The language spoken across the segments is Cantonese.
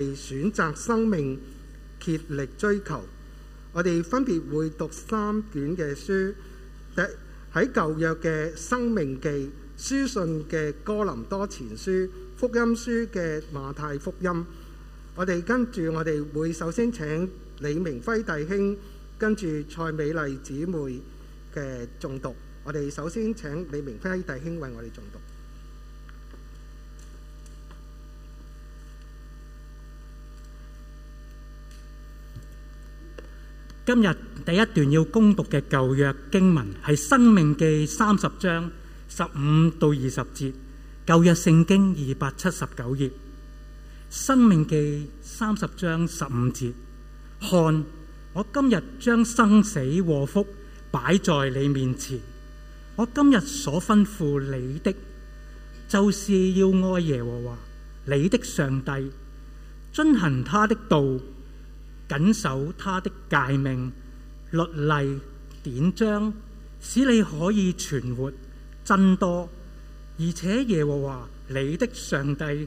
係選擇生命竭力追求，我哋分別會讀三卷嘅書，喺舊約嘅《申命記》、書信嘅《哥林多前書》、福音書嘅《馬太福音》，我哋跟住我哋會首先請李明輝弟兄，跟住蔡美麗姊妹嘅誦讀，我哋首先請李明輝弟兄為我哋誦讀。今日第一段要恭讀嘅舊約經文係《申命記》三十章十五到二十節，舊約聖經二百七十九頁，《申命記》三十章十五節，看，我今日將生死禍福擺在你面前，我今日所吩咐你的，就是要愛耶和華你的上帝，遵行他的道。謹守他的誡命、律例、典章，使你可以存活、增多。而且耶和華你的上帝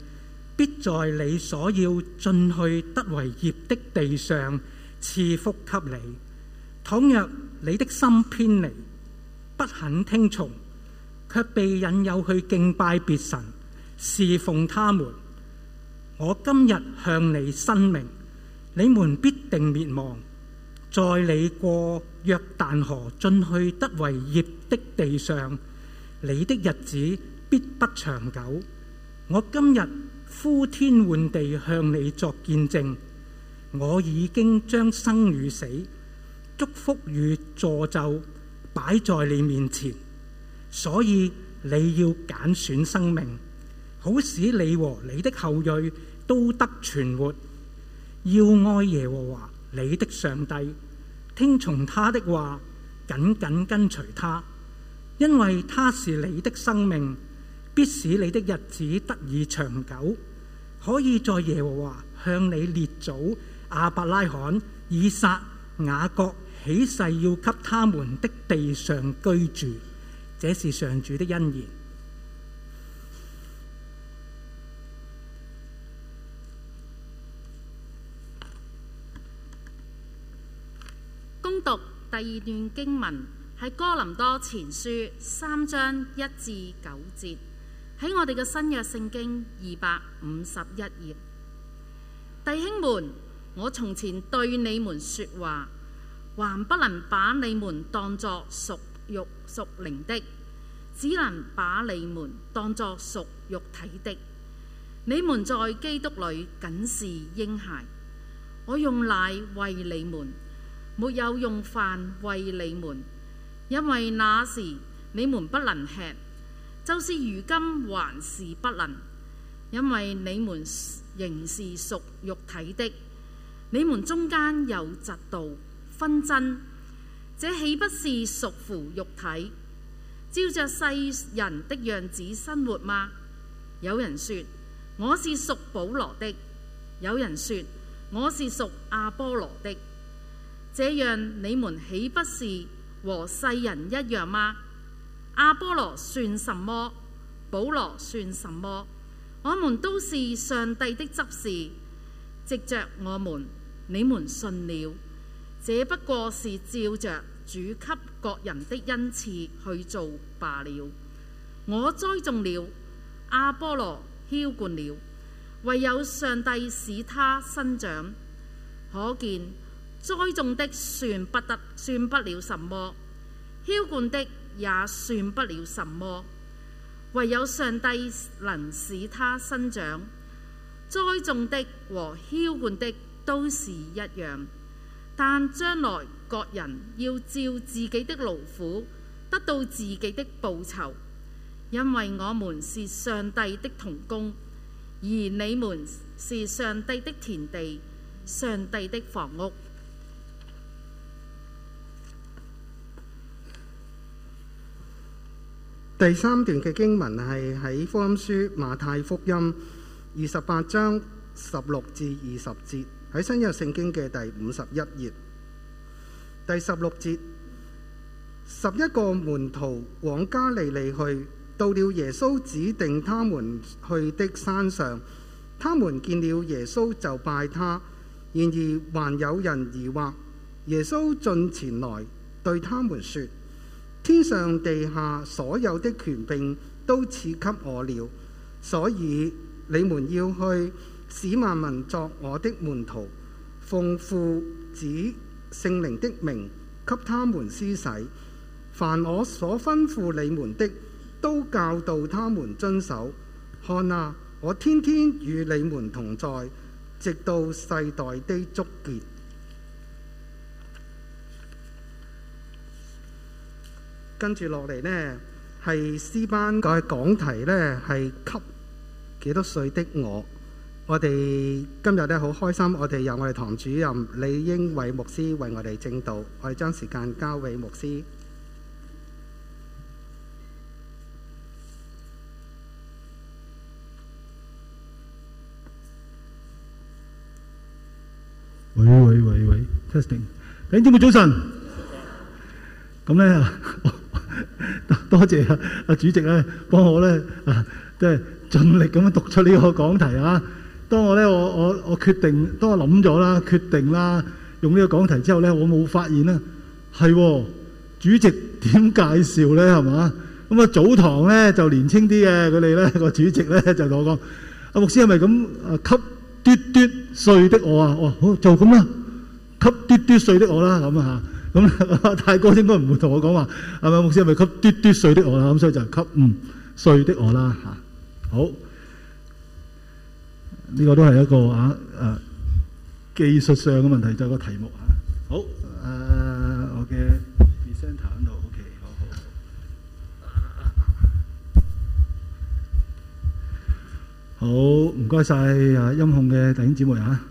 必在你所要進去得為業的地上賜福給你。倘若你的心偏離，不肯聽從，却被引誘去敬拜別神、侍奉他們，我今日向你申明。你們必定滅亡，在你過約旦河進去得為業的地上，你的日子必不長久。我今日呼天喚地向你作見證，我已經將生與死、祝福與助咒擺在你面前，所以你要揀選生命，好使你和你的後裔都得存活。要愛耶和華你的上帝，聽從他的話，緊緊跟隨他，因為他是你的生命，必使你的日子得以長久。可以在耶和華向你列祖阿伯拉罕、以撒、雅各起誓，要給他們的地上居住，這是上主的恩言。讀第二段經文，喺哥林多前書三章一至九節，喺我哋嘅新約聖經二百五十一頁。弟兄們，我從前對你們說話，還不能把你們當作屬肉屬靈的，只能把你們當作屬肉體的。你們在基督裏僅是嬰孩，我用奶餵你們。沒有用飯餵你們，因為那時你們不能吃，就是如今還是不能，因為你們仍是屬肉體的。你們中間有嫉妒、紛爭，這豈不是屬乎肉體，照着世人的樣子生活嗎？有人說我是屬保羅的，有人說我是屬阿波羅的。這樣你們豈不是和世人一樣嗎？阿波羅算什麼？保羅算什麼？我們都是上帝的執事，藉着我們你們信了，這不過是照着主給各人的恩賜去做罷了。我栽種了，阿波羅澆灌了，唯有上帝使他生長。可見。栽種的算不得，算不了什麼；澆灌的也算不了什麼。唯有上帝能使他生長。栽種的和澆灌的都是一樣，但將來各人要照自己的勞苦得到自己的報酬，因為我們是上帝的同工，而你們是上帝的田地、上帝的房屋。第三段嘅經文係喺福音書馬太福音二十八章十六至二十節，喺新約聖經嘅第五十一頁，第十六節：十一個門徒往加利利去，到了耶穌指定他們去的山上，他們見了耶穌就拜他。然而還有人疑惑，耶穌進前來對他們說。天上地下所有的權柄都賜給我了，所以你們要去，使萬民作我的門徒，奉父子聖靈的名給他們施洗。凡我所吩咐你們的，都教導他們遵守。看啊，我天天與你們同在，直到世代的終結。跟住落嚟呢，係 C 班嘅講題呢，係給幾多歲的我？我哋今日呢，好開心，我哋有我哋堂主任李英偉牧師為我哋證道。我哋將時間交俾牧師。喂喂喂喂，testing，弟兄們早晨。咁咧。多謝啊，阿主席咧，幫我咧，即係盡力咁樣讀出呢個講題啊。當我咧，我我我決定，當我諗咗啦，決定啦，用呢個講題之後咧，我冇發現咧，係主席點介紹咧，係嘛？咁啊，早堂咧就年輕啲嘅，佢哋咧個主席咧就同我講，阿牧師係咪咁給嘟嘟歲的我啊？哦，好就咁啦，給嘟嘟歲的我啦，諗下。咁 大哥應該唔會同我講，話係咪牧師，係咪給嘟嘟歲的我啦，咁所以就給唔歲的我啦。好，呢個都係一個啊誒、啊、技術上嘅問題，就個題目嚇。好誒，我嘅 Presenter 度，OK，好好好。好，唔該曬音控嘅弟兄姐妹嚇。啊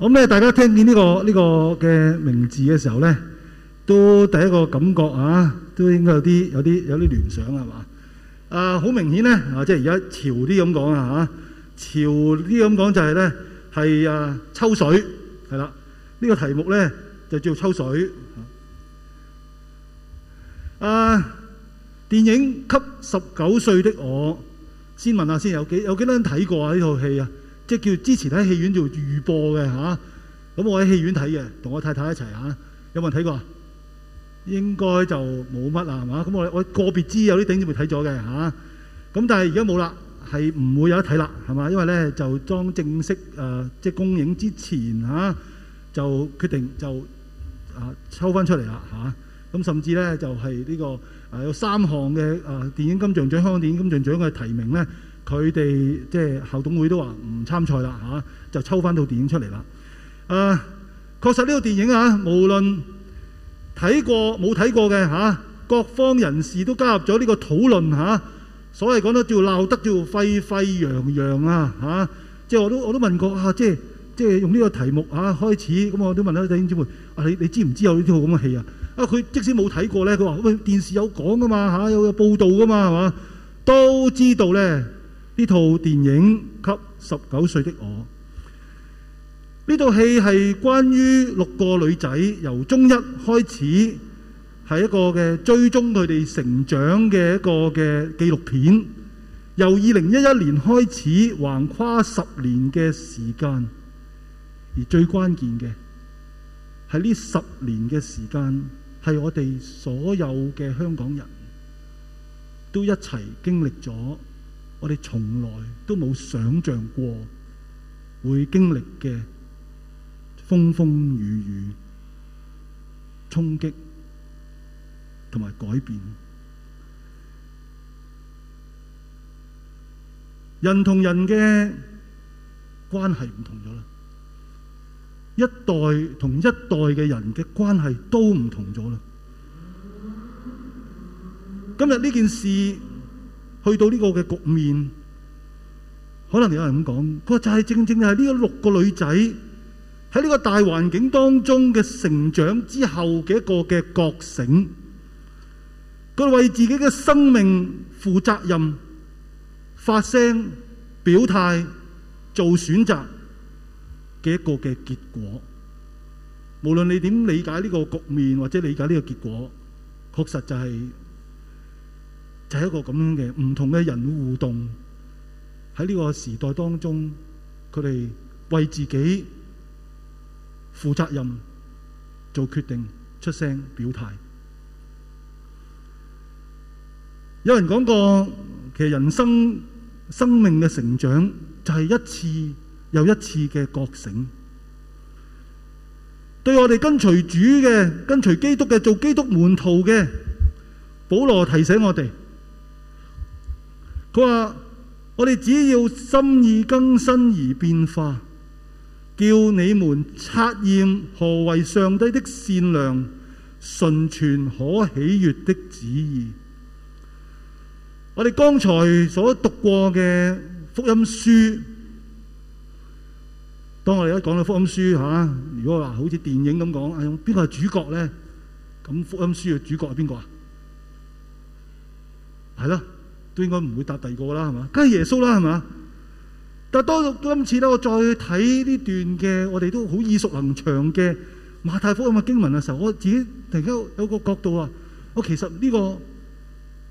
咁咧，大家聽見呢個呢個嘅名字嘅時候咧，都第一個感覺啊，都應該有啲有啲有啲聯想係嘛？啊，好明顯咧，啊，即係而家潮啲咁講啊嚇，潮啲咁講就係咧係啊抽水係啦，呢個題目咧就叫抽水。啊，電影《給十九歲的我》，先問下先有幾有幾多人睇過啊？呢套戲啊！即係叫支持睇戲院做預播嘅嚇，咁、啊、我喺戲院睇嘅，同我太太一齊嚇、啊，有冇人睇過？應該就冇乜啦，係嘛？咁我我個別知有啲頂子會睇咗嘅嚇，咁、啊、但係而家冇啦，係唔會有得睇啦，係嘛？因為咧就當正式誒、呃、即係公映之前嚇、啊，就決定就啊抽翻出嚟啦嚇，咁、啊、甚至咧就係、是、呢、呢個誒、啊、有三項嘅誒、啊、電影金像獎香港電影金像獎嘅提名咧。佢哋即係校董會都話唔參賽啦，嚇、啊、就抽翻套電影出嚟啦。誒、啊，確實呢套電影啊，無論睇過冇睇過嘅嚇、啊，各方人士都加入咗呢個討論嚇、啊。所謂講得叫鬧得、啊，叫沸沸揚揚啊嚇。即係我都我都問過啊，即係即係用呢個題目嚇、啊、開始咁，我都問下弟兄姊妹啊，你你知唔知有呢套咁嘅戲啊？啊，佢即使冇睇過咧，佢話喂電視有講㗎嘛嚇，有、啊、有報道㗎嘛係嘛，都知道咧。呢套電影《給十九歲的我》，呢套戲係關於六個女仔由中一開始，係一個嘅追蹤佢哋成長嘅一個嘅紀錄片。由二零一一年開始橫跨十年嘅時間，而最關鍵嘅係呢十年嘅時間係我哋所有嘅香港人都一齊經歷咗。我哋從來都冇想象過會經歷嘅風風雨雨、沖擊同埋改變，人同人嘅關係唔同咗啦，一代同一代嘅人嘅關係都唔同咗啦。今日呢件事。去到呢個嘅局面，可能有人咁講，佢就係正正係呢個六個女仔喺呢個大環境當中嘅成長之後嘅一個嘅覺醒，佢為自己嘅生命負責任，發聲表態做選擇嘅一個嘅結果。無論你點理解呢個局面或者理解呢個結果，確實就係、是。就係一個咁樣嘅唔同嘅人互動喺呢個時代當中，佢哋為自己負責任、做決定、出聲表態。有人講過，其實人生生命嘅成長就係一次又一次嘅覺醒。對我哋跟隨主嘅、跟隨基督嘅、做基督門徒嘅，保羅提醒我哋。佢話：我哋只要心意更新而變化，叫你們測驗何為上帝的善良、純全、可喜悦的旨意。我哋剛才所讀過嘅福音書，當我哋一講到福音書吓，如果話好似電影咁講，用邊個係主角咧？咁福音書嘅主角係邊個啊？係咯。應該唔會答第二個啦，係嘛？梗係耶穌啦，係嘛？但係當今次咧，我再睇呢段嘅，我哋都好耳熟能詳嘅馬太福音嘅經文嘅時候，我自己突然間有個角度啊！我其實呢、這個呢、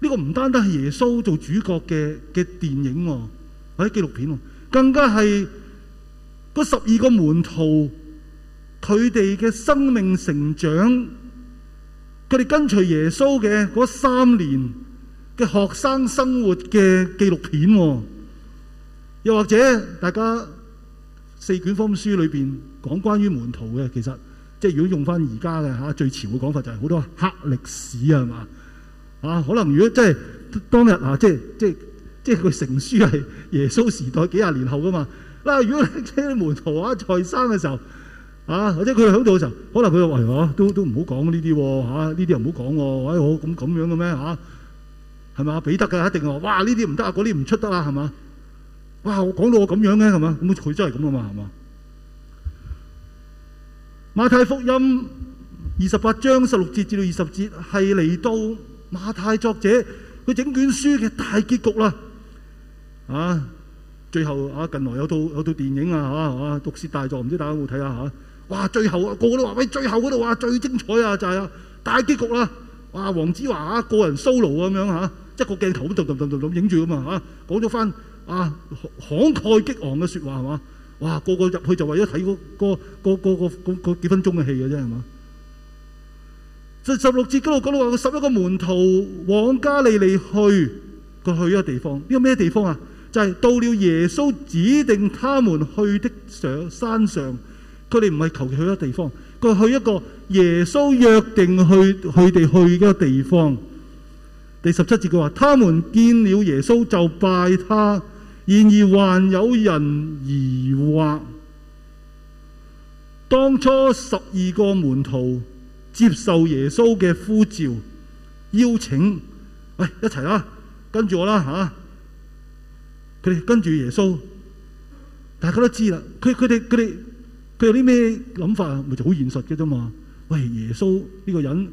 這個唔單單係耶穌做主角嘅嘅電影、啊、或者紀錄片、啊，更加係嗰十二個門徒佢哋嘅生命成長，佢哋跟隨耶穌嘅嗰三年，嘅學生生活嘅紀錄片，又或者大家四卷福音書裏邊講關於門徒嘅，其實即係如果用翻而家嘅嚇最潮嘅講法，就係好多黑歷史啊係嘛？啊，可能如果即係當日嚇、啊、即係即係即係佢成書係耶穌時代幾廿年後噶嘛，嗱、啊、如果即係門徒啊在生嘅時候啊，或者佢喺度嘅時候，可能佢就話嚇，都都唔好講呢啲喎嚇，呢啲又唔好講喎，唉好咁咁樣嘅咩嚇？係嘛？俾得嘅？一定啊！哇！呢啲唔得啊，嗰啲唔出得啊，係嘛？哇！我講到我咁樣嘅，係嘛？咁佢真係咁啊嘛，係嘛？馬太福音二十八章十六節至到二十節係嚟到馬太作者佢整卷書嘅大結局啦。啊，最後啊，近來有套有套電影啊，啊，《毒舌大狀》，唔知大家有冇睇下吓？哇！最後啊，個個都話喂，最後嗰度啊，最精彩啊，就係啊，大結局啦！哇、啊！黃子華啊，個人 solo 啊，咁樣吓。一個鏡頭咁就咁咁咁影住噶嘛，啊，講咗翻啊，慷慨激昂嘅說話係嘛，哇，個個入去就為咗睇嗰個個個個嗰嗰幾分鐘嘅戲嘅啫係嘛。就十六節嗰度講到話，十一個門徒往加利利去，佢去一個地方，呢個咩地方啊？就係到了耶穌指定他們去的上山上，佢哋唔係求其去一個地方，佢去一個耶穌約定去佢哋去嘅地方。第十七節佢話：他們見了耶穌就拜他，然而還有人疑惑。當初十二個門徒接受耶穌嘅呼召邀請，喂、哎，一齊啦，跟住我啦，吓、啊，佢哋跟住耶穌，大家都知啦。佢佢哋佢哋佢有啲咩諗法啊？咪就好現實嘅啫嘛。喂，耶穌呢個人。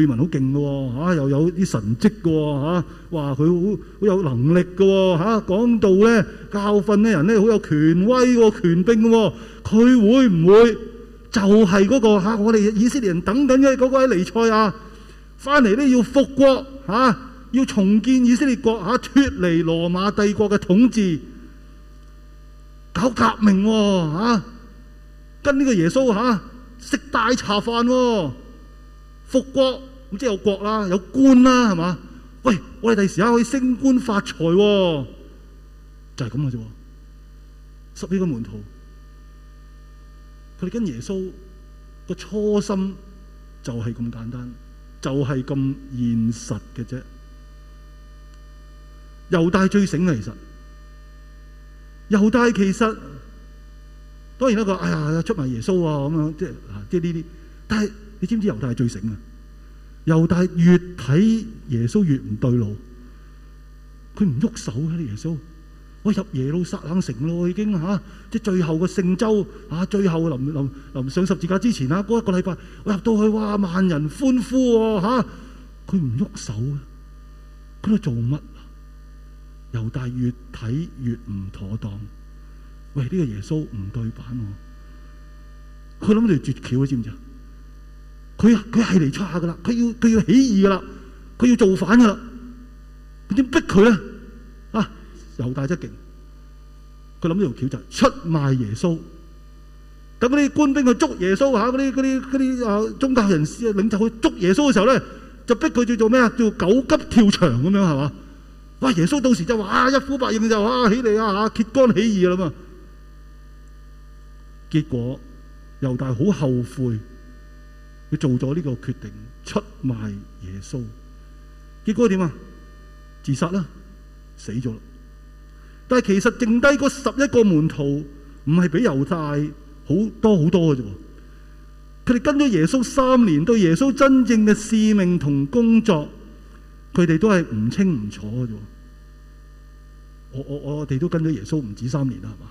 據聞好勁嘅吓，又有啲神蹟嘅吓，話、啊、佢好好有能力嘅吓，講道咧教訓啲人咧好有權威嘅權柄嘅，佢、啊、會唔會就係嗰、那個吓、啊、我哋以色列人等緊嘅嗰個喺彌賽亞，翻嚟咧要復國吓，要重建以色列國吓，脫離羅馬帝國嘅統治，搞革命吓、啊啊，跟呢個耶穌吓、啊、食大茶飯。啊復國咁即係有國啦，有官啦，係嘛？喂，我哋第時可以升官發財喎、喔，就係咁嘅啫。十一個門徒，佢哋跟耶穌個初心就係咁簡單，就係、是、咁現實嘅啫。猶大最醒嘅，其實猶大其實當然啦，佢哎呀出賣耶穌啊咁樣，即係即係呢啲，但係。你知唔知猶大係最醒啊？猶大越睇耶穌越唔對路，佢唔喐手嘅耶穌。我入耶路撒冷城咯，我已經吓，即係最後嘅聖周啊，最後臨臨臨上十字架之前啊，嗰一個禮拜我入到去哇，萬人歡呼啊吓，佢唔喐手啊，佢喺度做乜啊？猶大越睇越唔妥當，喂，呢個耶穌唔對版，我佢諗住絕橋，知唔知啊？佢佢係嚟差噶啦，佢要佢要起義噶啦，佢要造反噶啦，點逼佢咧？啊，猶大真勁，佢諗住條橋就出賣耶穌，等嗰啲官兵去捉耶穌，吓嗰啲嗰啲嗰啲啊宗教人士啊領袖去捉耶穌嘅時候咧，就逼佢要做咩啊？叫狗急跳牆咁樣係嘛？哇！耶穌到時就話啊一呼百應就啊起嚟啊吓揭竿起義啦嘛，結果猶大好後悔。佢做咗呢個決定，出賣耶穌，結果點啊？自殺啦，死咗啦。但係其實剩低嗰十一個門徒，唔係比猶大好多好多嘅啫。佢哋跟咗耶穌三年，對耶穌真正嘅使命同工作，佢哋都係唔清唔楚嘅啫。我我我哋都跟咗耶穌唔止三年啦，係嘛？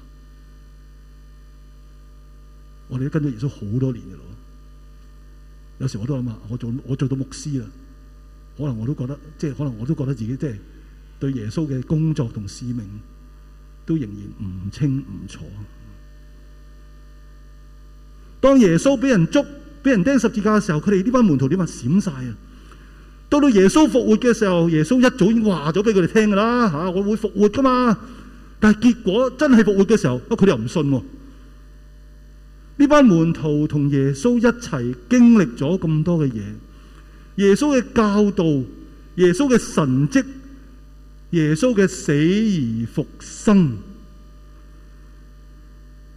我哋都跟咗耶穌好多年嘅咯。有時我都諗下，我做我做到牧師啦，可能我都覺得即係，可能我都覺得自己即係對耶穌嘅工作同使命都仍然唔清唔楚。當耶穌俾人捉、俾人釘十字架嘅時候，佢哋呢班門徒點啊，閃晒啊！到到耶穌復活嘅時候，耶穌一早已經話咗俾佢哋聽㗎啦嚇，我會復活㗎嘛。但係結果真係復活嘅時候，啊佢哋又唔信喎，啊。呢班門徒同耶穌一齊經歷咗咁多嘅嘢，耶穌嘅教導、耶穌嘅神蹟、耶穌嘅死而復生，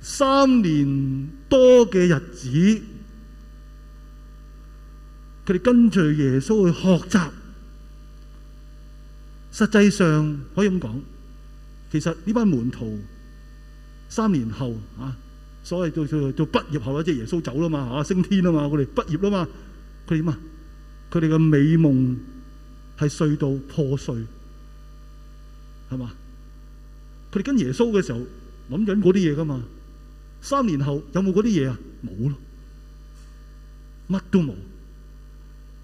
三年多嘅日子，佢哋跟隨耶穌去學習。實際上可以咁講，其實呢班門徒三年後啊。所以到到到畢業後咧，即係耶穌走啦嘛，嚇、啊、升天啦嘛，佢哋畢業啦嘛，佢哋點啊？佢哋嘅美夢係隧道破碎，係嘛？佢哋跟耶穌嘅時候諗緊嗰啲嘢噶嘛？三年後有冇嗰啲嘢啊？冇咯，乜都冇，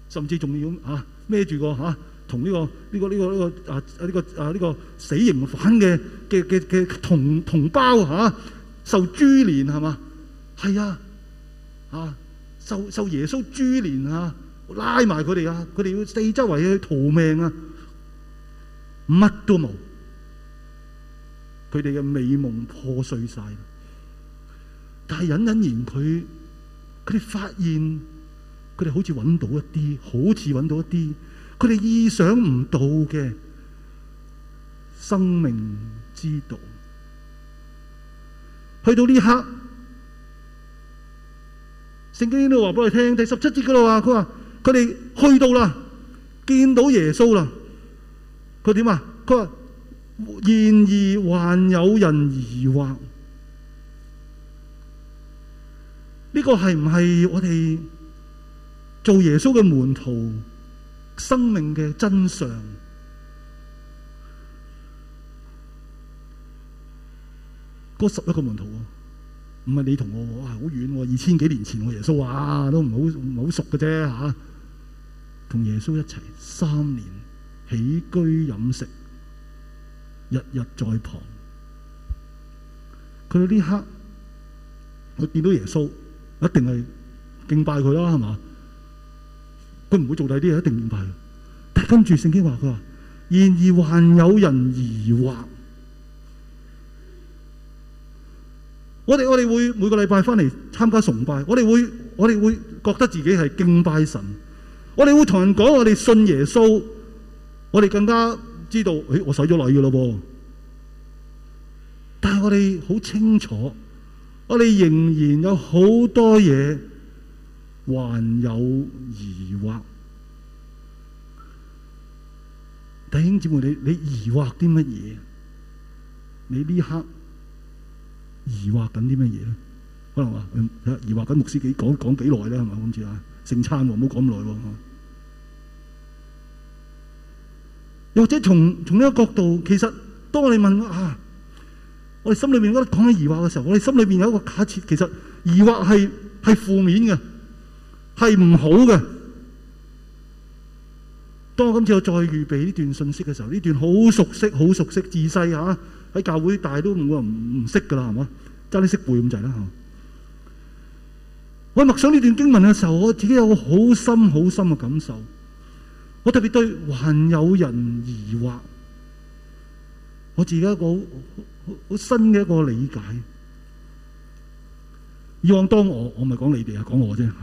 甚至仲要嚇孭住個嚇同呢個呢、呢個呢、呢個呢、啊呢個啊呢、呢個啊呢、呢個啊、呢個啊呢個、死刑犯嘅嘅嘅嘅同同胞嚇。啊受株連係嘛？係啊，啊受受耶穌株連啊，拉埋佢哋啊，佢哋要四周圍去逃命啊，乜都冇，佢哋嘅美夢破碎晒。但係隱隱然佢，佢哋發現，佢哋好似搵到一啲，好似搵到一啲，佢哋意想唔到嘅生命之道。到這一去到呢刻，聖經都話俾我哋聽，第十七節噶啦，佢話佢哋去到啦，見到耶穌啦，佢點啊？佢話然而還有人疑惑，呢個係唔係我哋做耶穌嘅門徒生命嘅真相？十一個門徒喎，唔係你同我，哇，好遠喎，二千幾年前我耶穌啊，都唔好唔好熟嘅啫吓，同、啊、耶穌一齊三年起居飲食，日日在旁，佢呢刻，佢見到耶穌，一定係敬拜佢啦，係嘛，佢唔會做第啲嘢，一定敬拜佢。但係跟住聖經話佢話，然而還有人疑惑。我哋我哋會每個禮拜翻嚟參加崇拜，我哋會我哋會覺得自己係敬拜神，我哋會同人講我哋信耶穌，我哋更加知道，誒，我洗咗禮嘅咯噃。但係我哋好清楚，我哋仍然有好多嘢還有疑惑。弟兄姊妹，你你疑惑啲乜嘢？你呢刻？疑惑緊啲乜嘢咧？可能話疑惑緊牧師幾講講幾耐咧？係咪好似樣？聖餐喎，唔好講咁耐喎。或者從從呢個角度，其實當我哋問啊，我哋心裏邊覺得講緊疑惑嘅時候，我哋心裏邊有一個假設，其實疑惑係係負面嘅，係唔好嘅。當我今次我再預備呢段信息嘅時候，呢段好熟悉、好熟悉，自細嚇。啊喺教會大都唔會話唔識噶啦，係嘛？爭啲識背咁滯啦嚇。我默想呢段經文嘅時候，我自己有個好深好深嘅感受。我特別對還有人疑惑，我自己一個好好新嘅一個理解。以往當我，我唔係講你哋啊，講我啫嚇。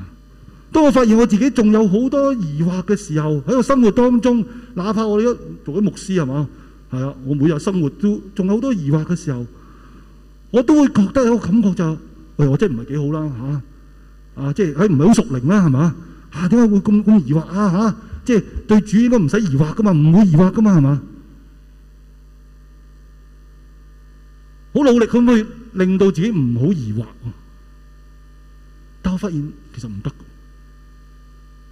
當我發現我自己仲有好多疑惑嘅時候，喺我生活當中，哪怕我哋一做咗牧師係嘛？係啊，我每日生活都仲有好多疑惑嘅時候，我都會覺得有個感覺就是，喂，我真係唔係幾好啦嚇，啊，啊即係係唔係好屬靈啦係嘛？嚇，點解會咁咁疑惑啊嚇、啊？即係對主應該唔使疑惑噶嘛，唔會疑惑噶嘛係嘛？好努力可唔可以令到自己唔好疑惑？但我發現其實唔得，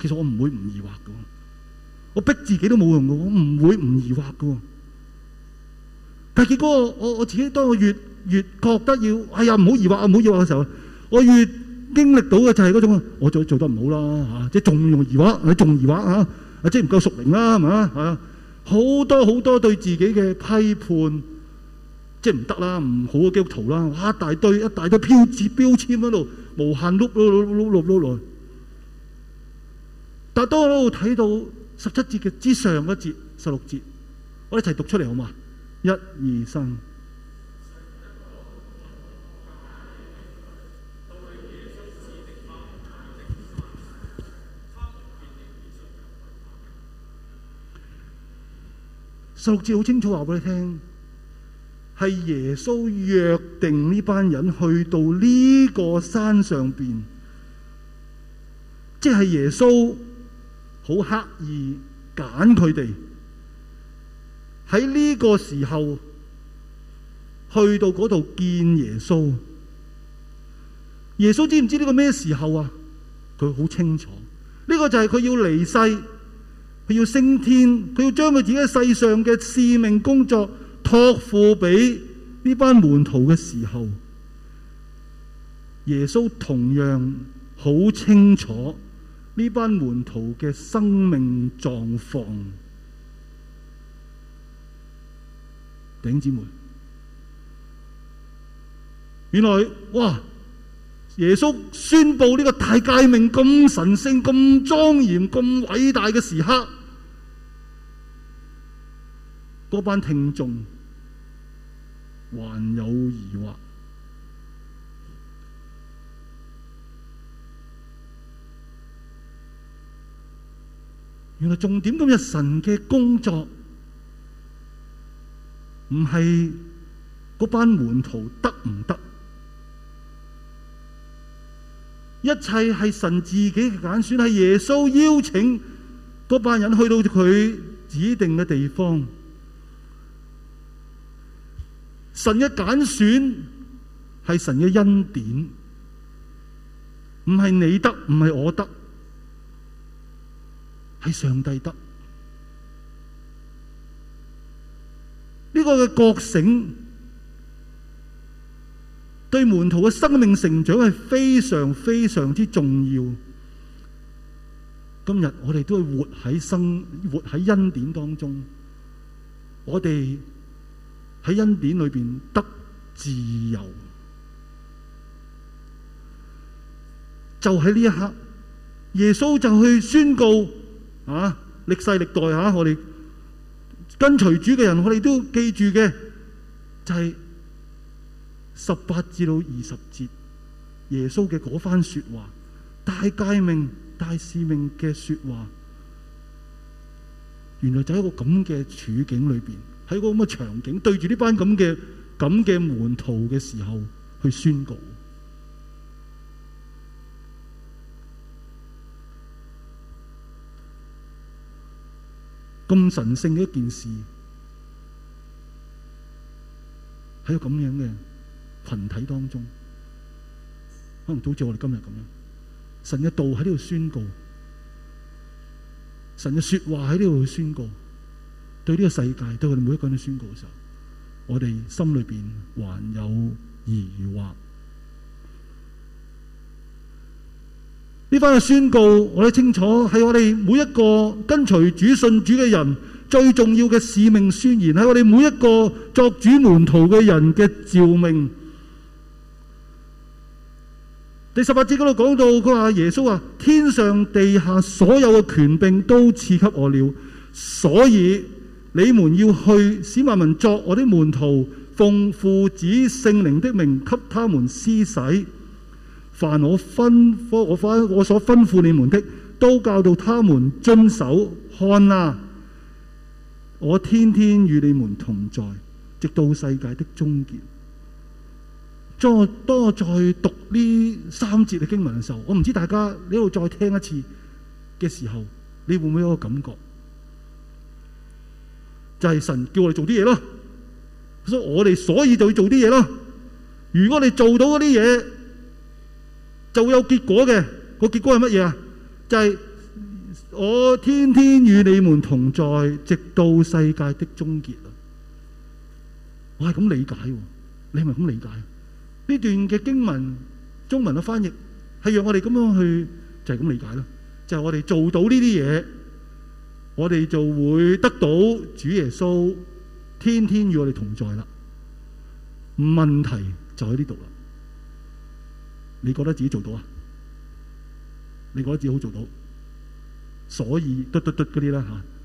其實我唔會唔疑惑嘅，我逼自己都冇用嘅，我唔會唔疑惑嘅。但係結果，我我自己，當我越越覺得要，哎呀，唔好疑惑啊，唔好疑惑嘅時候，我越經歷到嘅就係嗰種，我做做得唔好啦，嚇即係仲用疑惑，你仲疑惑啊，即係唔夠屬靈啦，係嘛啊，好多好多對自己嘅批判，即係唔得啦，唔好嘅基督徒啦，哇！一大堆一大堆標誌標籤喺度，無限碌碌碌碌碌碌落。但係當我睇到十七節嘅之上嘅節十六節，我一齊讀出嚟好嘛？一二三十六節好清楚，話俾你聽，係耶穌約定呢班人去到呢個山上邊，即係耶穌好刻意揀佢哋。喺呢個時候去到嗰度見耶穌，耶穌知唔知呢個咩時候啊？佢好清楚，呢個就係佢要離世，佢要升天，佢要將佢自己喺世上嘅使命工作託付俾呢班門徒嘅時候，耶穌同樣好清楚呢班門徒嘅生命狀況。弟兄姊妹，原來哇，耶穌宣佈呢個大誡命咁神聖、咁莊嚴、咁偉大嘅時刻，嗰班聽眾還有疑惑。原來重點今日神嘅工作。唔係嗰班門徒得唔得？一切係神自己嘅揀選，係耶穌邀請嗰班人去到佢指定嘅地方。神嘅揀選係神嘅恩典，唔係你得，唔係我得，係上帝得。呢個嘅覺醒對門徒嘅生命成長係非常非常之重要。今日我哋都會活喺生活喺恩典當中，我哋喺恩典裏邊得自由，就喺呢一刻，耶穌就去宣告啊，歷世歷代吓、啊、我哋跟隨主嘅人，我哋都記住嘅就係十八至到二十節耶穌嘅嗰番說話，大誡命、大使命嘅說話，原來就喺一個咁嘅處境裏邊，喺一個咁嘅場景，對住呢班咁嘅咁嘅門徒嘅時候去宣告。咁神聖嘅一件事，喺咁樣嘅群體當中，可能好似我哋今日咁樣，神嘅道喺呢度宣告，神嘅說話喺呢度宣告，對呢個世界，對我哋每一個人宣告嘅時候，我哋心裏邊還有疑惑。呢番嘅宣告，我哋清楚，係我哋每一個跟隨主、信主嘅人最重要嘅使命宣言，係我哋每一個作主門徒嘅人嘅召命。第十八節嗰度講到，佢話，耶穌啊，天上地下所有嘅權柄都賜給我了，所以你們要去，使萬民作我的門徒，奉父、子、聖靈的名給他們施洗。凡我吩咐我，我所吩咐你們的，都教導他們遵守。看啊，我天天與你們同在，直到世界的終結。再多再讀呢三節嘅經文嘅時候，我唔知大家呢度再聽一次嘅時候，你會唔會有個感覺？就係神叫我哋做啲嘢咯，所以我哋所以就要做啲嘢咯。如果你做到嗰啲嘢，就有結果嘅，個結果係乜嘢啊？就係我天天與你們同在，直到世界的終結啊！我係咁理解，你係咪咁理解？呢段嘅經文中文嘅翻譯係讓我哋咁樣去，就係咁理解咯。就係我哋做到呢啲嘢，我哋就會得到主耶穌天天與我哋同在啦。問題就喺呢度啦。你覺得自己做到啊？你覺得自己好做到？所以，嘟嘟嘟嗰啲啦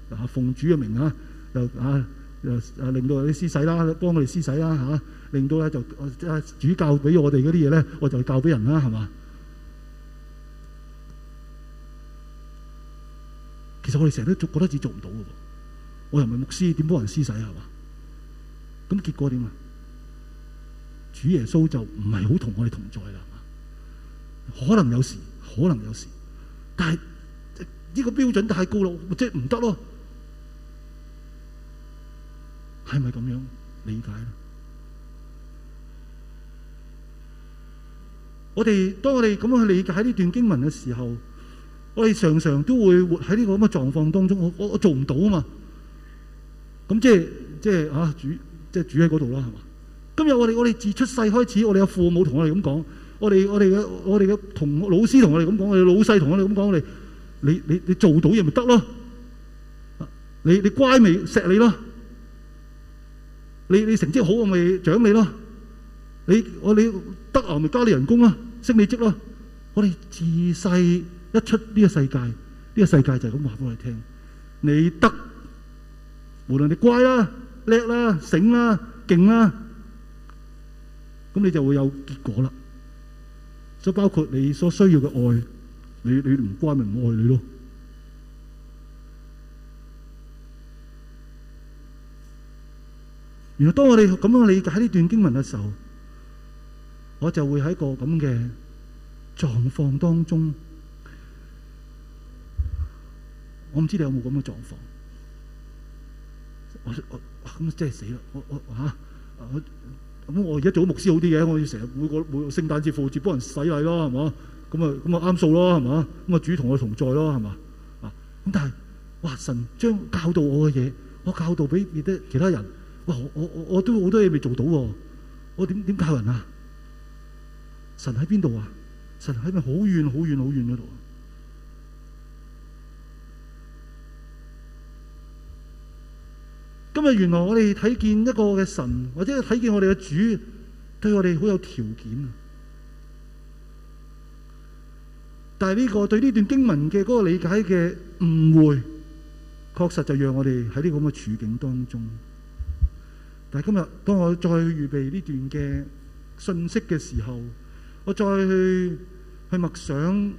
嚇，啊奉主嘅名啊，又啊又啊，令到啲施洗啦，幫我哋施洗啦嚇，令到咧就啊，啊主教俾我哋嗰啲嘢咧，我就教俾人啦，係嘛？其實我哋成日都覺得自己做唔到嘅，我又唔係牧師，點幫人施洗係嘛？咁結果點啊？主耶穌就唔係好同我哋同在啦。可能有時，可能有時，但係呢個標準太高咯，即係唔得咯，係咪咁樣理解？我哋當我哋咁樣去理解呢段經文嘅時候，我哋常常都會活喺呢個咁嘅狀況當中，我我我做唔到啊嘛，咁即係即係啊主，即係主喺嗰度啦，係嘛？今日我哋我哋自出世開始，我哋嘅父母同我哋咁講。我哋我哋嘅我哋嘅同學老師同我哋咁講，我哋老細同我哋咁講，我哋你你你做到嘢咪得咯？你你乖咪錫你咯？你你成績好我咪獎你咯？你我你得啊咪加你人工咯，升你職咯。我哋自細一出呢個世界，呢個世界就係咁話俾我哋聽。你得，無論你乖啦、叻啦、醒啦、勁啦，咁你就會有結果啦。就包括你所需要嘅愛，你你唔乖咪唔愛你咯。原來當我哋咁樣理解呢段經文嘅時候，我就會喺個咁嘅狀況當中，我唔知你有冇咁嘅狀況。我我咁真係死啦！我我嚇我。我啊我咁、嗯、我而家做牧師好啲嘅，我要成日每個每個聖誕節、復節幫人洗禮咯，係嘛？咁啊咁啊啱數咯，係嘛？咁啊主同我同在咯，係嘛？啊咁但係，哇！神將教導我嘅嘢，我教導俾啲其他人，哇！我我我都好多嘢未做到喎，我點點教人啊？神喺邊度啊？神喺咪好遠好遠好遠嗰度？今日原來我哋睇見一個嘅神，或者睇見我哋嘅主，對我哋好有條件。但係呢個對呢段經文嘅嗰個理解嘅誤會，確實就讓我哋喺呢個咁嘅處境當中。但係今日當我再去預備呢段嘅信息嘅時候，我再去去默想、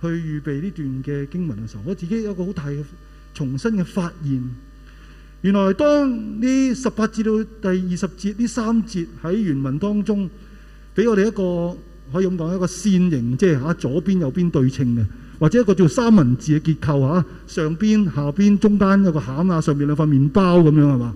去預備呢段嘅經文嘅時候，我自己有一個好大嘅重新嘅發現。原來當呢十八節到第二十節呢三節喺原文當中，俾我哋一個可以咁講，一個線形，即係嚇左邊右邊對稱嘅，或者一個叫三文治嘅結構嚇、啊、上邊下邊中間有個餡啊，上面兩塊麵包咁樣係嘛？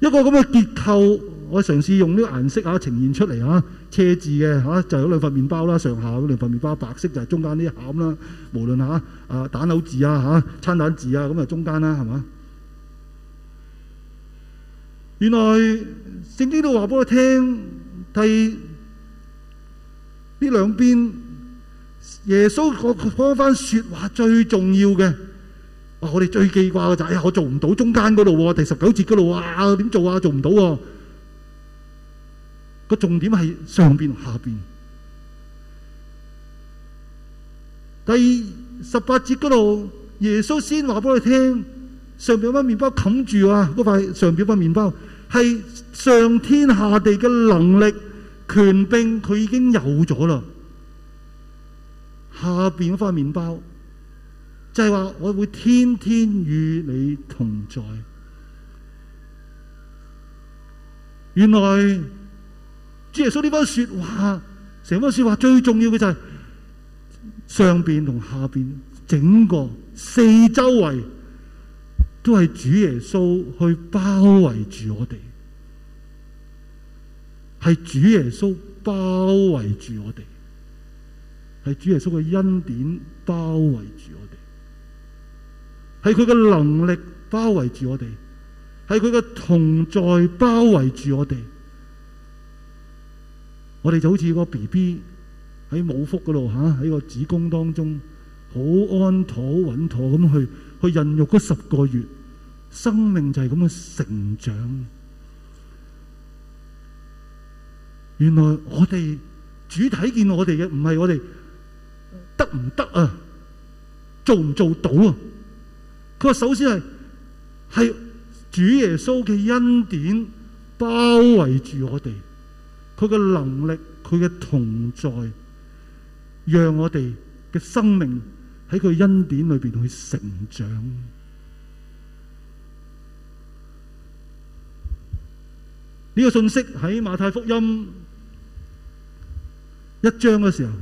一個咁嘅結構，我嘗試用呢個顏色嚇呈現出嚟嚇車字嘅嚇就係、是、有兩塊麵包啦，上下兩塊麵包白色就係中間啲餡啦。無論嚇啊蛋撻字啊嚇餐蛋字啊咁啊中間啦係嘛？原來聖經都話俾我聽，第呢兩邊耶穌講返說話最重要嘅。哇！我哋最記掛嘅就係我做唔到中間嗰度喎，第十九節嗰度啊，點做啊？做唔到喎。個重點係上邊下邊，第十八節嗰度耶穌先話俾我聽，上邊塊麵包冚住啊，嗰塊上邊塊麵包。係上天下地嘅能力權柄，佢已經有咗啦。下邊嗰塊麵包，就係話我會天天與你同在。原來主耶穌呢番說話，成番說話最重要嘅就係上邊同下邊整個四周圍。都係主耶穌去包圍住我哋，係主耶穌包圍住我哋，係主耶穌嘅恩典包圍住我哋，係佢嘅能力包圍住我哋，係佢嘅同在包圍住我哋。我哋就好似個 B B 喺母腹嗰度吓，喺個子宮當中好安妥、穩妥咁去去孕育嗰十個月。生命就係咁樣成長。原來我哋主睇見我哋嘅唔係我哋得唔得啊，做唔做到啊？佢話首先係係主耶穌嘅恩典包圍住我哋，佢嘅能力，佢嘅同在，讓我哋嘅生命喺佢恩典裏邊去成長。呢個信息喺馬太福音一章嘅時候，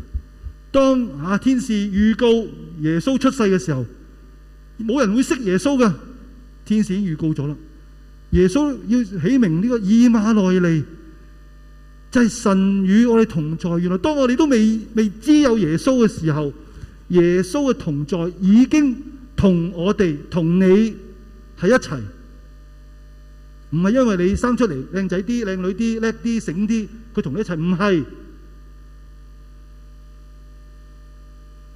當啊天使預告耶穌出世嘅時候，冇人會識耶穌嘅。天使已經預告咗啦。耶穌要起名呢個以馬內利，就係神與我哋同在。原來當我哋都未未知有耶穌嘅時候，耶穌嘅同在已經同我哋同你喺一齊。唔係因為你生出嚟，靚仔啲、靚女啲、叻啲、醒啲，佢同你一齊，唔係。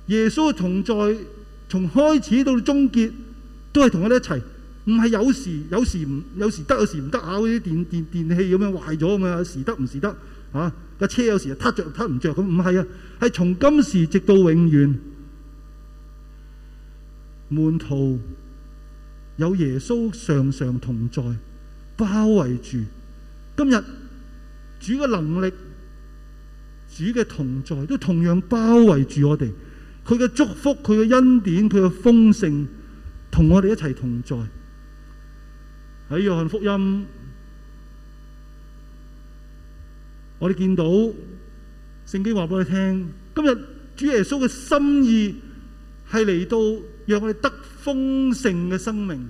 耶穌嘅同在，從開始到終結都係同我哋一齊，唔係有時有時唔有時得有時唔得嗰啲電電電器咁樣壞咗啊嘛，時得唔時得啊？個車有時又撻著撻唔着，咁，唔係啊，係從今時直到永遠，門徒有耶穌常常同在。包圍住，今日主嘅能力、主嘅同在都同樣包圍住我哋。佢嘅祝福、佢嘅恩典、佢嘅豐盛，同我哋一齊同在。喺約翰福音，我哋見到聖經話俾我哋聽，今日主耶穌嘅心意係嚟到讓我哋得豐盛嘅生命。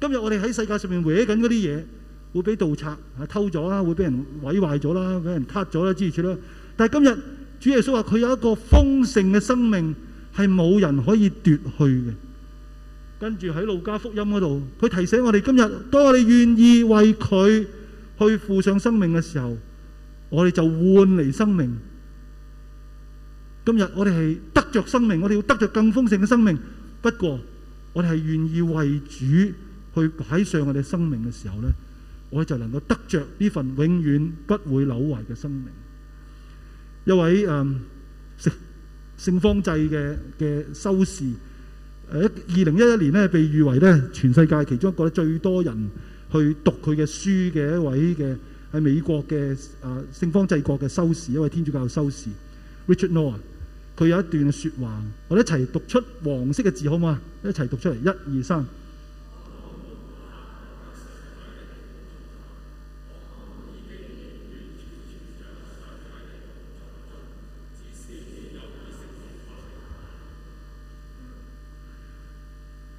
今日我哋喺世界上面搲緊嗰啲嘢，會俾盜賊偷咗啦，會俾人毀壞咗啦，俾人撻咗啦之類似啦。但係今日主耶穌話：佢有一個豐盛嘅生命，係冇人可以奪去嘅。跟住喺路加福音嗰度，佢提醒我哋：今日當我哋願意為佢去付上生命嘅時候，我哋就換嚟生命。今日我哋係得着生命，我哋要得着更豐盛嘅生命。不過我哋係願意為主去擺上我哋生命嘅時候咧，我哋就能夠得着呢份永遠不會朽壞嘅生命。一位誒聖、嗯、聖方濟嘅嘅修士，喺二零一一年呢，被譽為咧全世界其中一個最多人去讀佢嘅書嘅一位嘅喺美國嘅啊聖方濟國嘅修士，一位天主教修士 Richard Rohr，佢有一段說話，我哋一齊讀出黃色嘅字好唔好啊？一齊讀出嚟，一二三。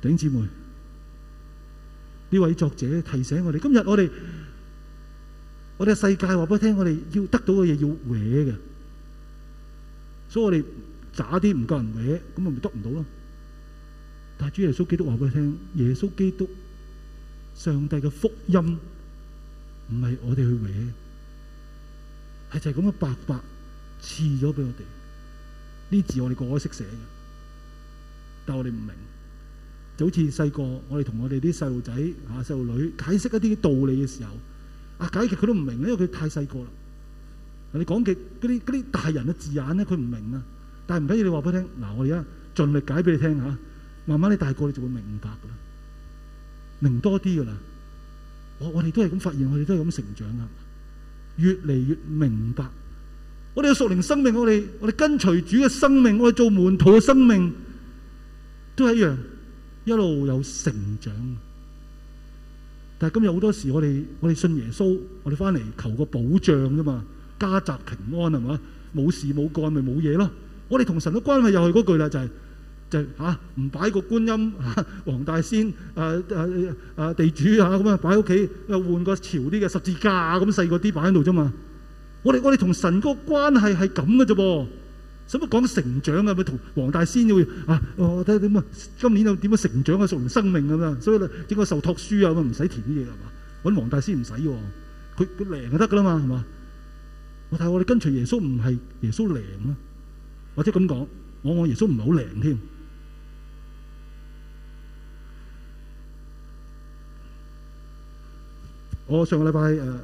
弟兄姊妹，呢位作者提醒我哋：今日我哋，我哋嘅世界話俾我聽，我哋要得到嘅嘢要搵嘅，所以我哋差啲唔夠人搵，咁咪得唔到咯？但係主耶穌基督話俾我聽：耶穌基督、上帝嘅福音，唔係我哋去搵，係就係咁樣白白賜咗俾我哋。呢字我哋個個識寫嘅，但係我哋唔明。就好似細個，我哋同我哋啲細路仔嚇、細、啊、路女解釋一啲道理嘅時候，啊，解決佢都唔明，因為佢太細個啦。你講極嗰啲啲大人嘅字眼咧，佢唔明啊。但係唔緊要，你話俾佢聽嗱，我而家盡力解俾你聽嚇、啊，慢慢你大個你就會明白㗎啦，明多啲㗎啦。我我哋都係咁發現，我哋都係咁成長啊，越嚟越明白。我哋嘅屬靈生命，我哋我哋跟隨主嘅生命，我哋做門徒嘅生命都係一樣。一路有成長，但係今日好多時我，我哋我哋信耶穌，我哋翻嚟求個保障啫嘛，家宅平安係嘛？冇事冇幹咪冇嘢咯。我哋同神嘅關係又係嗰句啦，就係、是、就嚇、是、唔、啊、擺個觀音、啊、黃大仙、誒誒誒地主嚇咁啊，擺喺屋企又換個潮啲嘅十字架咁細個啲擺喺度啫嘛。我哋我哋同神個關係係咁嘅啫噃。使乜講成長啊？咪同王大仙要啊？我睇下點啊？哦、今年又點樣成長啊？屬生命咁啊！所以呢，整個受託書啊，唔使填啲嘢係嘛？搵黃大仙唔使喎，佢佢靈就得㗎啦嘛，係嘛？我睇我哋跟隨耶穌唔係耶穌靈咯、啊，或者咁講，我我耶穌唔係好靈添、啊。我上個禮拜誒誒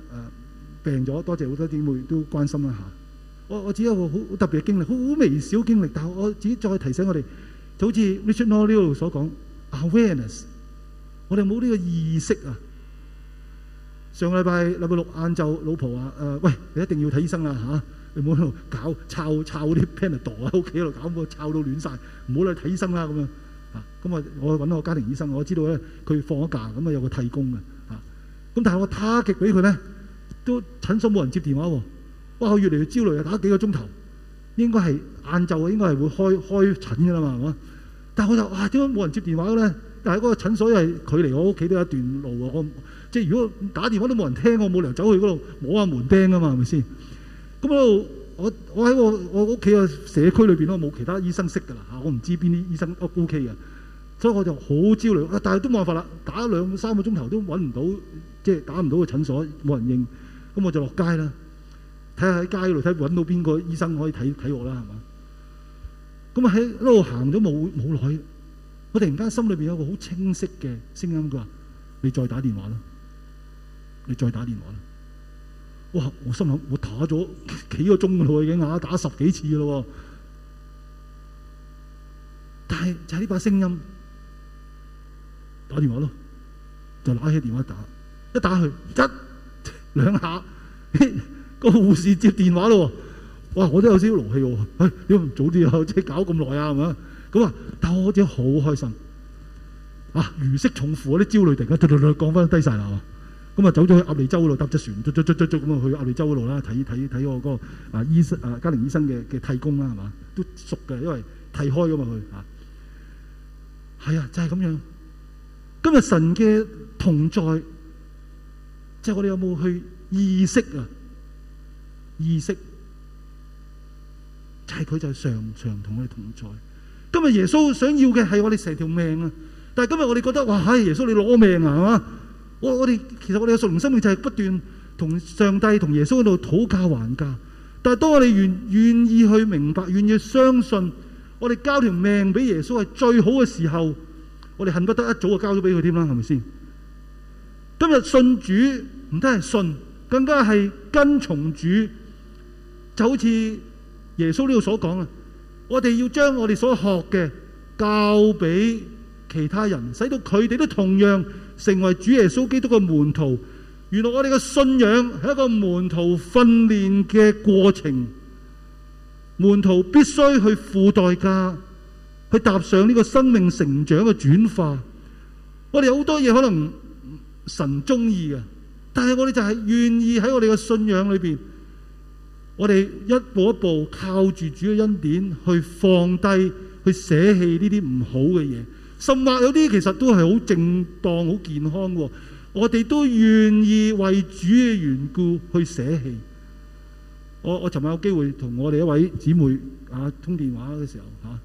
病咗，多謝好多姊妹、妹都關心一下。我我只有個好好特別嘅經歷，好好微小經歷，但係我自己再提醒我哋，就好似 Richard Noel 所講，awareness，我哋冇呢個意識啊！上個禮拜禮拜六晏晝，老婆話，誒，喂，你一定要睇醫生啦、啊、嚇、啊！你唔好喺度搞摷摷啲 Panadol 喺屋企嗰度搞，我摷到亂晒。唔好去睇醫生啦咁樣啊！咁啊，我揾個家庭醫生，我知道咧，佢放咗假，咁啊有個替工嘅啊！咁、啊、但係我打極俾佢咧，都診所冇人接電話喎、啊。我越嚟越焦慮，打幾個鐘頭，應該係晏晝啊，應該係會開開診㗎啦嘛，係嘛？但係我就哇點解冇人接電話㗎咧？但係嗰個診所係距離我屋企都有一段路啊！我即係如果打電話都冇人聽，我冇理由走去嗰度摸下門釘㗎嘛，係咪先？咁嗰度我我喺我我屋企嘅社區裏邊都冇其他醫生識㗎啦嚇，我唔知邊啲醫生 OK 嘅，所以我就好焦慮啊！但係都冇辦法啦，打兩三個鐘頭都揾唔到，即係打唔到個診所冇人應，咁我就落街啦。喺街度睇，揾到邊個醫生可以睇睇我啦，係嘛？咁啊喺一路行咗冇冇耐，我突然間心裏邊有個好清晰嘅聲音，佢話：你再打電話啦，你再打電話啦。哇！我心諗我打咗幾個鐘啦，已經打打十幾次咯。但係就係呢把聲音，打電話咯，就拿起電話打，一打去一兩下。 個護士接電話咯，哇！我都有少少勞氣喎。哎，點解唔早啲啊？即係搞咁耐啊，係嘛？咁啊，但我真係好開心啊！如釋重負，啲焦慮突然間降翻低晒啦，咁啊，走咗去鴨脷洲嗰度搭隻船，咁啊去鴨脷洲嗰度啦，睇睇睇我嗰個啊醫生啊，家庭醫生嘅嘅替工啦，係嘛？都熟嘅，因為替開噶嘛佢嚇。係啊，啊，就係、是、咁樣。今日神嘅同在，即、就、係、是、我哋有冇去意識啊？意識就係佢就係常常同我哋同在。今日耶穌想要嘅係我哋成條命啊！但係今日我哋覺得哇，係耶穌你攞命啊，係嘛？我我哋其實我哋嘅屬靈生命就係不斷同上帝同耶穌喺度討價還價。但係當我哋願願意去明白、願意相信，我哋交條命俾耶穌係最好嘅時候，我哋恨不得一早就交咗俾佢添啦，係咪先？今日信主唔單係信，更加係跟從主。就好似耶穌呢度所講啊，我哋要將我哋所學嘅教俾其他人，使到佢哋都同樣成為主耶穌基督嘅門徒。原來我哋嘅信仰係一個門徒訓練嘅過程，門徒必須去付代價，去踏上呢個生命成長嘅轉化。我哋好多嘢可能神唔中意嘅，但係我哋就係願意喺我哋嘅信仰裏邊。我哋一步一步靠住主嘅恩典去放低、去捨棄呢啲唔好嘅嘢，甚或有啲其實都係好正當、好健康嘅。我哋都願意為主嘅緣故去捨棄。我我尋日有機會同我哋一位姊妹啊通電話嘅時候嚇，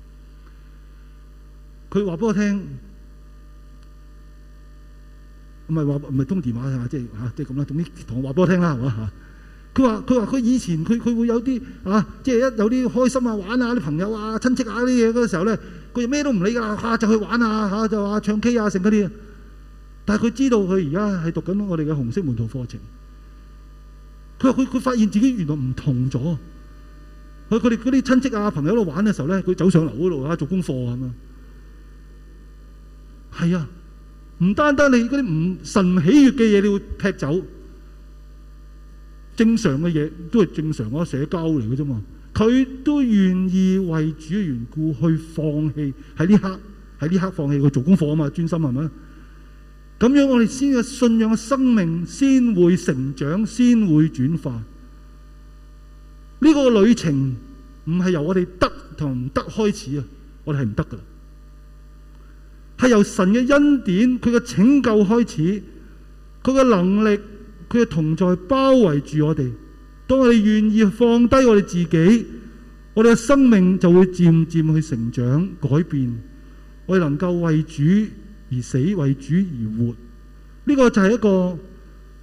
佢話俾我聽，唔係話唔係通電話嚇，即係嚇即係咁啦，同我話俾我聽啦，係嘛嚇。啊佢話：佢話佢以前佢佢會有啲嚇、啊，即係一有啲開心啊、玩啊啲朋友啊、親戚啊啲嘢嗰個時候咧，佢就咩都唔理㗎喇，下、啊、就去玩啊，下、啊、就話唱 K 啊，剩嗰啲。但係佢知道佢而家係讀緊我哋嘅紅色門徒課程。佢話：佢佢發現自己原來唔同咗。佢佢哋嗰啲親戚啊朋友喺度玩嘅時候咧，佢走上樓嗰度啊做功課啊嘛。係 啊，唔單單你嗰啲唔神喜悅嘅嘢，你會劈走。正常嘅嘢都係正常嘅社交嚟嘅啫嘛，佢都願意為主嘅緣故去放棄喺呢刻喺呢刻放棄佢做功課啊嘛，專心係咪？咁樣我哋先嘅信仰嘅生命先會成長，先會轉化。呢個旅程唔係由我哋得同唔得開始啊，我哋係唔得噶，係由神嘅恩典佢嘅拯救開始，佢嘅能力。佢嘅同在包圍住我哋，當我哋願意放低我哋自己，我哋嘅生命就會漸漸去成長改變，我哋能夠為主而死，為主而活。呢個就係一個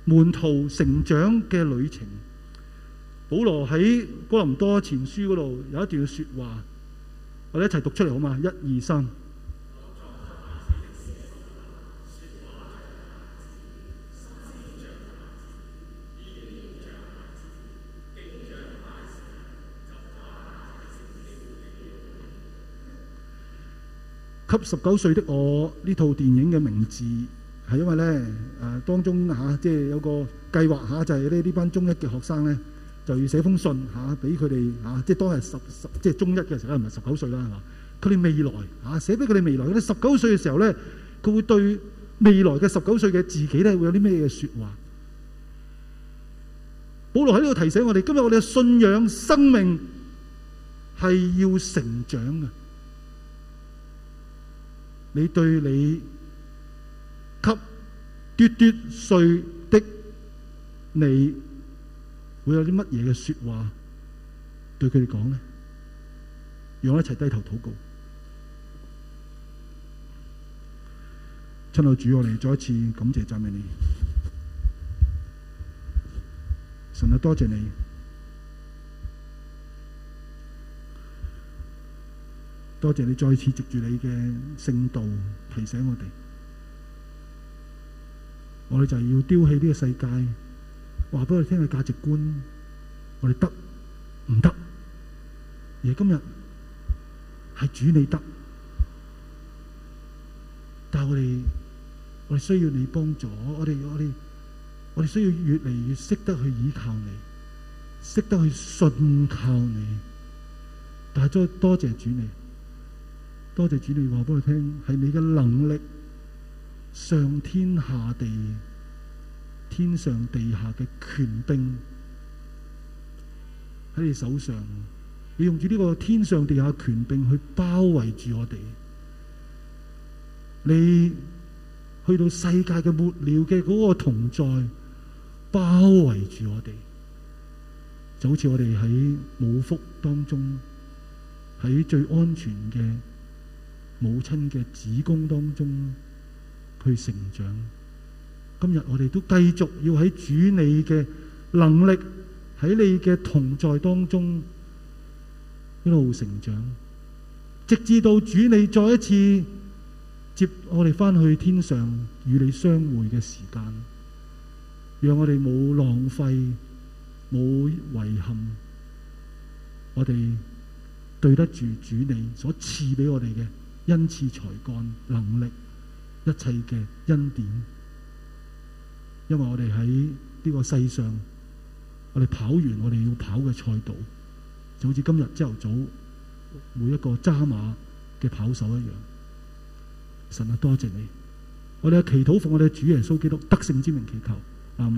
門徒成長嘅旅程。保羅喺哥林多前書嗰度有一段説話，我哋一齊讀出嚟好嘛？一二三。給十九歲的我呢套電影嘅名字，係因為咧，誒、啊、當中吓、啊，即係有個計劃吓，就係咧，呢班中一嘅學生咧，就要寫封信吓、啊，俾佢哋吓，即係當日十十即係中一嘅時候，唔係十九歲啦，係嘛？佢哋未來吓，寫俾佢哋未來，佢哋十九歲嘅時候咧，佢會對未來嘅十九歲嘅自己咧，會有啲咩嘅說話？保羅喺呢度提醒我哋，今日我哋嘅信仰生命係要成長嘅。你對你給嘟嘟歲的你，會有啲乜嘢嘅説話對佢哋講呢？讓我一齊低頭禱告，親愛主，我哋再一次感謝讚美你，神啊，多謝你。多謝你再次藉住你嘅聖道提醒我哋，我哋就要丟棄呢個世界，話俾我哋聽嘅價值觀，我哋得唔得？而今日係主你得，但係我哋我哋需要你幫助，我哋我哋我哋需要越嚟越識得去依靠你，識得去信靠你。但係都多謝主你。多謝主你話俾我聽，係你嘅能力，上天下地，天上地下嘅權柄喺你手上。你用住呢個天上地下嘅權柄去包圍住我哋。你去到世界嘅末了嘅嗰個同在，包圍住我哋，就好似我哋喺冇福當中，喺最安全嘅。母親嘅子宮當中去成長。今日我哋都繼續要喺主你嘅能力、喺你嘅同在當中一路成長，直至到主你再一次接我哋翻去天上與你相會嘅時間，讓我哋冇浪費、冇遺憾，我哋對得住主你所賜俾我哋嘅。因賜才幹、能力，一切嘅恩典。因為我哋喺呢個世上，我哋跑完我哋要跑嘅賽道，就好似今日朝頭早每一個揸馬嘅跑手一樣。神啊，多謝你！我哋祈禱奉我哋主耶穌基督得勝之名祈求，啱？